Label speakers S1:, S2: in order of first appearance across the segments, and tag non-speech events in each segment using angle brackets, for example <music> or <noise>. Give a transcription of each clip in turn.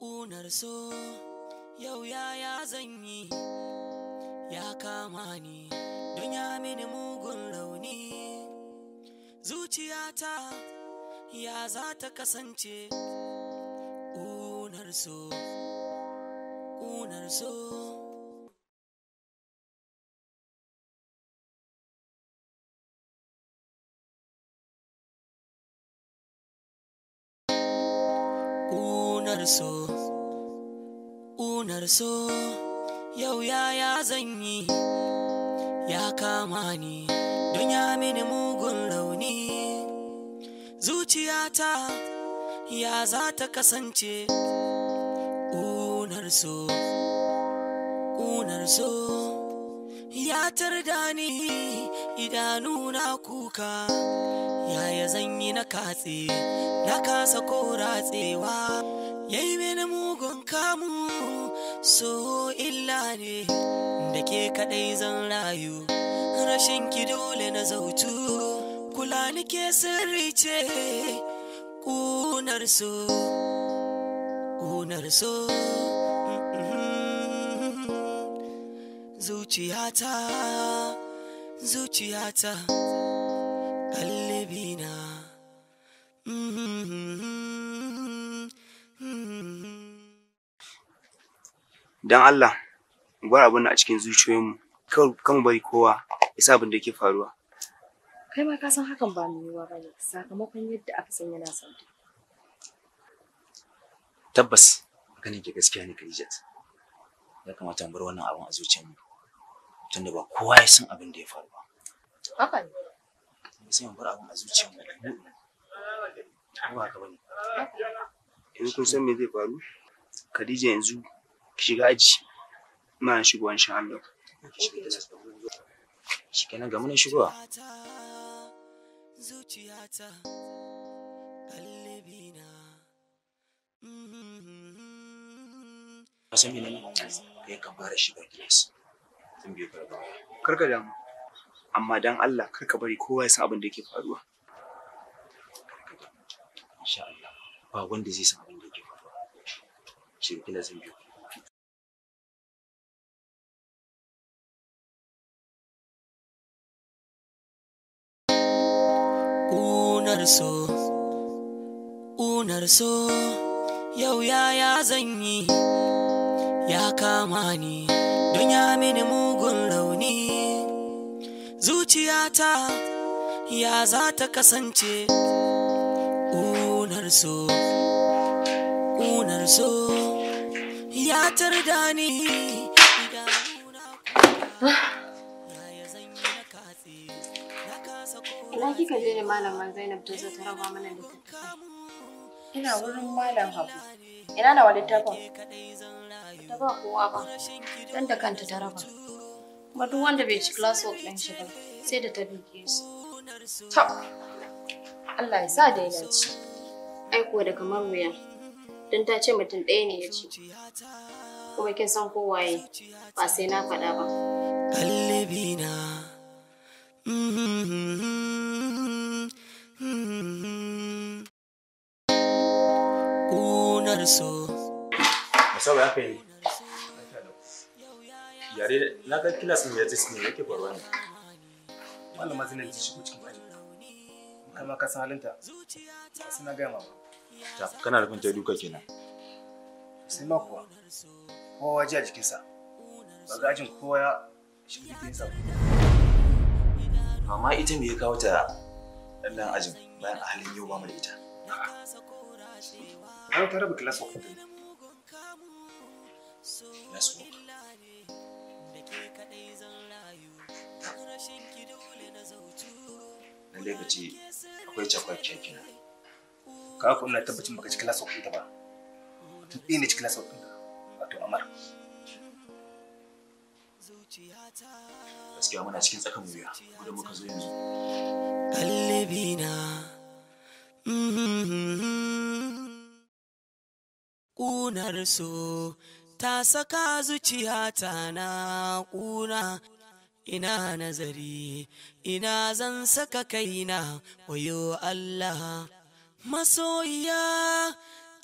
S1: ƙunar so yau yaya zan yi ya kama ni don mini mugun rauni zuciyata ya za ta kasance ƙunar so ƙunar so ƙunar so ƙunar so yau yaya zan yi ya kama ni don mini mugun rauni zuciyata ya za ta kasance ƙunar so ƙunar so ya tarda ni idanuna kuka yaya zan yi na katse na kasa ko ratsewa samu so illa ne da ke kadai zan rayu rashin ki dole na zautu kula ke sirri ce ƙunar so ƙunar so zuciyata zuciyata ƙallibina mm -hmm. don Allah mu bar abin a cikin zuciyoyinmu kan bari kowa ya sa abin da yake faruwa kai ma ka san hakan ba mai yiwuwa bane sakamakon yadda aka san yana son tabbas maganin ke gaskiya ne Khadijat ya kamata mu bar wannan abin a zuciyarmu tunda ba kowa ya san abin da ya faru ba haka ne ya mu bar abin a zuciyarmu ba haka bane yanzu kun san me zai faru Khadija yanzu shiga aji ma shigo an sha hannu shi kenan ga munan shigowa zuciyata kalbina a san menene kai ka fara shiga gilas tun biyu karba karka damu amma dan Allah kar ka bari kowa ya san abin da yake faruwa insha Allah ba wanda zai san abin da yake faruwa shi gilas zan biyu ƙunar so so yau yaya zan yi ya kama ni don ya mini mugun rauni zuciyata ya za ta kasance unar so unar so ya tarda ni Ah. kika je ne malama Zainab ta zo ta raba mana littattafai? Ina wurin malam Habu. Ina nawa littafin? Ta ba kowa ba. Dan da kanta ta raba. Kuma duk wanda bai ci class work ɗin shi ba sai da ta bige su. To. Allah ya sa da ya ci. Aiko da kamar Dan ta ce mutum ɗaya ne ya ci. Kuma kin san kowaye ba sai na faɗa ba. ƙaunar so. Masaba ya kai yare na ga kilas ne ya ce ne yake faruwa ne. Wannan ma zinan ji shigo cikin aji. Kai ma ka san halinta. Sai na gaya ma ba. Ta kana da ta duka kenan. Sai ma kuwa. Kowa ji a jikin sa, Ba ga ajin kowa ya shiga sa. Amma ita me ya kawo ta ɗan ajin bayan a halin yau ba mu da ita. Ah, to have glass of Glass Lallai ka ce akwai Ka ina tabbacin baka ci glass of ba. Mutum ɗaya ne ci glass hukunta Wato Amar. Gaskiya muna cikin tsakan wuya. Kuma muka zo yanzu. na. ƙunar so ta saka zuciya ta na ƙuna ina nazari ina zan saka kaina wayo Allah masoya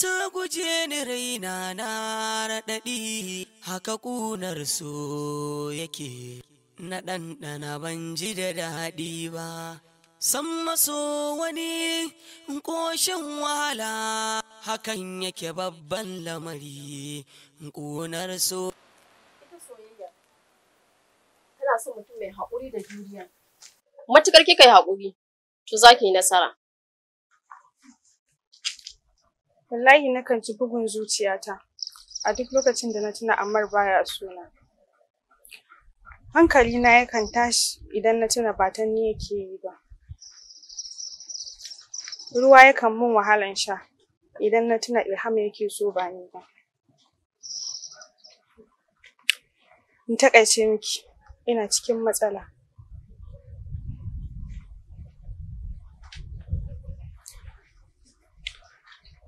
S1: ta guje ni raina na raɗaɗi haka ƙunar so yake na ɗanɗana ban ji da daɗi ba san maso wani ƙoshin wahala hakan yake babban lamari ƙunar so ita soyayya tana so mutum mai haƙuri da juriya matukar kika yi haƙuri to za ki yi nasara wallahi nakan ci bugun zuciyata a duk lokacin da na tuna amar baya suna hankali na yakan tashi idan na tuna ba ta ni yake yi ba ruwa yakan min wahalan sha idan na tuna ilham yake so ba ni ba in takaice miki ina cikin matsala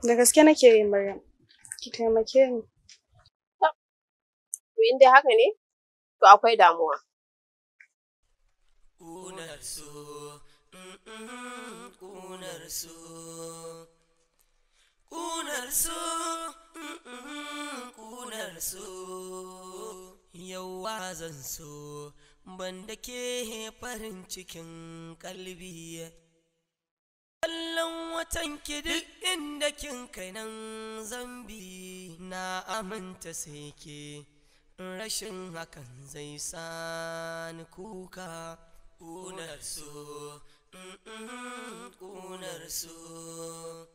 S1: da gaske nake yi maryam ki taimake ni to in dai haka ne to akwai damuwa ƙunar su ƙunar su su kunar su yauwa zan so ban da ke farin cikin kalbi kallon watan ki duk inda kin kai nan zambi na aminta sai ke rashin hakan zai sani kuka ƙunar so ƙunar so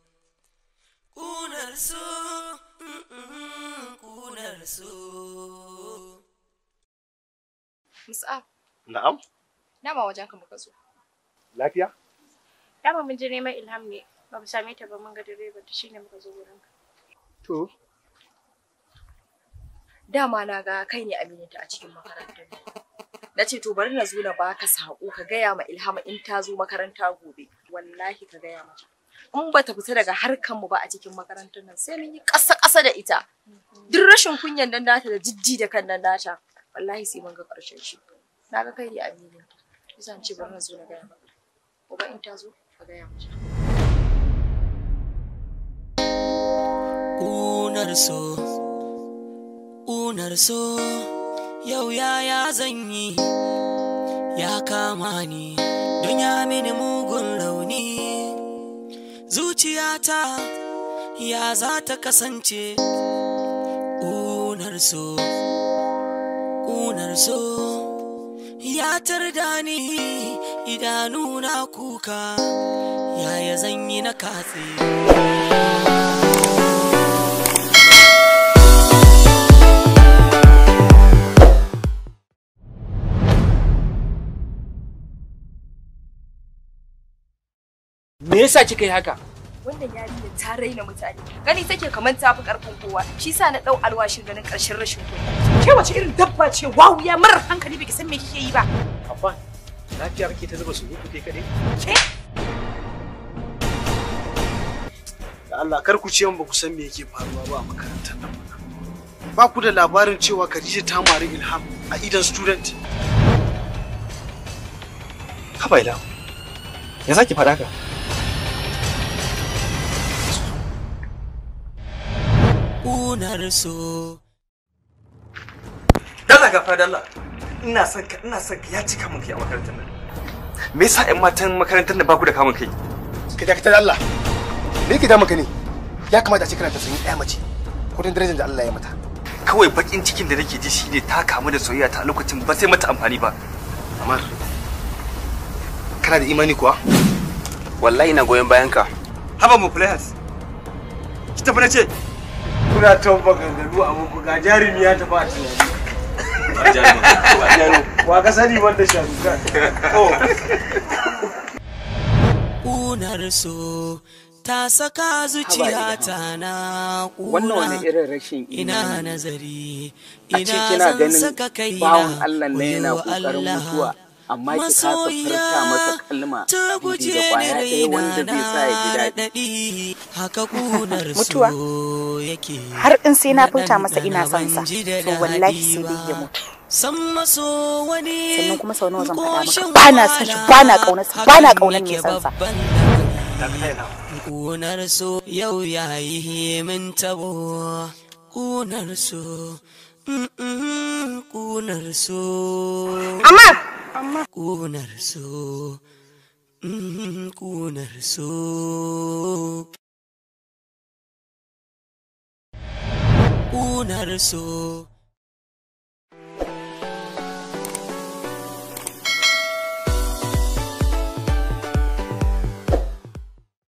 S1: kunar so kunar so Mus'ab. Na'am. Nama wajen ka muka zo. Lafiya? Dama mun ji neman Ilham ne, ba mu same ta ba mun ga direba ta shine muka zo wurin ka. To. Dama na ga kai ne aminta a cikin makarantar ne. Na ce to bari na zo na baka saƙo ka gaya ma Ilhama in ta zo makaranta gobe. Wallahi ka gaya mata. in ba ta fita daga harkan mu ba a cikin makarantar nan sai mun yi ƙasa ƙasa da ita duk rashin kunyan nan nata da jiddi da kan nan nata wallahi sai mun ga ƙarshen shi na ga kai ne zan ce ba zo na gaya ba. ba in ta zo ka gaya mu unar so unar so yau ya zan yi ya kama ni dunya mini mugun zuciyata ya za ta kasance ƙunar so ƙunar so ya tarda ni idanuna kuka yaya zan yi na katse me yasa kika yi haka wannan yarinya ta raina mutane gani take kamar ta fi karfin kowa shi sa na dau alwashin ganin karshen rashin kowa. ke wace irin dabba ce Wau ya marar hankali baki san me kike yi ba abba lafiya kake ta zuba su kuke kade. ke da Allah kar ku ce ba ku san me yake faruwa ba a makarantar nan ba ku da labarin cewa Khadija ta mari Ilham a idan student Haba Ilham, ya sake faɗa ka? ƙunar so. Dala ga fadalla, ina son ka ina son ka ya cika mun kai a makarantar nan. Me yasa 'yan matan makarantar nan ba ku da kamun kai? Ka dakatar Allah. Me yake damun ka ne? Ya kamata a ce kana ta sanyi ɗaya mace. Kudin darajar da Allah ya mata. Kawai bakin cikin da nake ji shine ta kamu da soyayya ta lokacin ba sai mata amfani ba. Amar, kana da imani kuwa? Wallahi na goyon bayanka. Haba mu players. Ki tafi na ce, kuna ta maganganu a muku ga jarumi ya tafi a tunani wa ka sani wanda ka ƙunar so ta saka zuciya ta na wannan ina nazari ina zan saka kai na ne yana kokarin amma ki kasa furta masa kalma ta guje ni raina na daɗi haka kunar <laughs> mutuwa har in sai na furta masa ina son sa to wallahi sai dai ya mutu san maso wani sannan kuma sau nawa zan faɗa maka ba na san shi ba na ƙaunar sa ba na ƙaunar mai san sa kunar so yau yayi min tabo ƙunar so ƙunar so amma amma ƙunar so ƙunar mm, so ƙunar so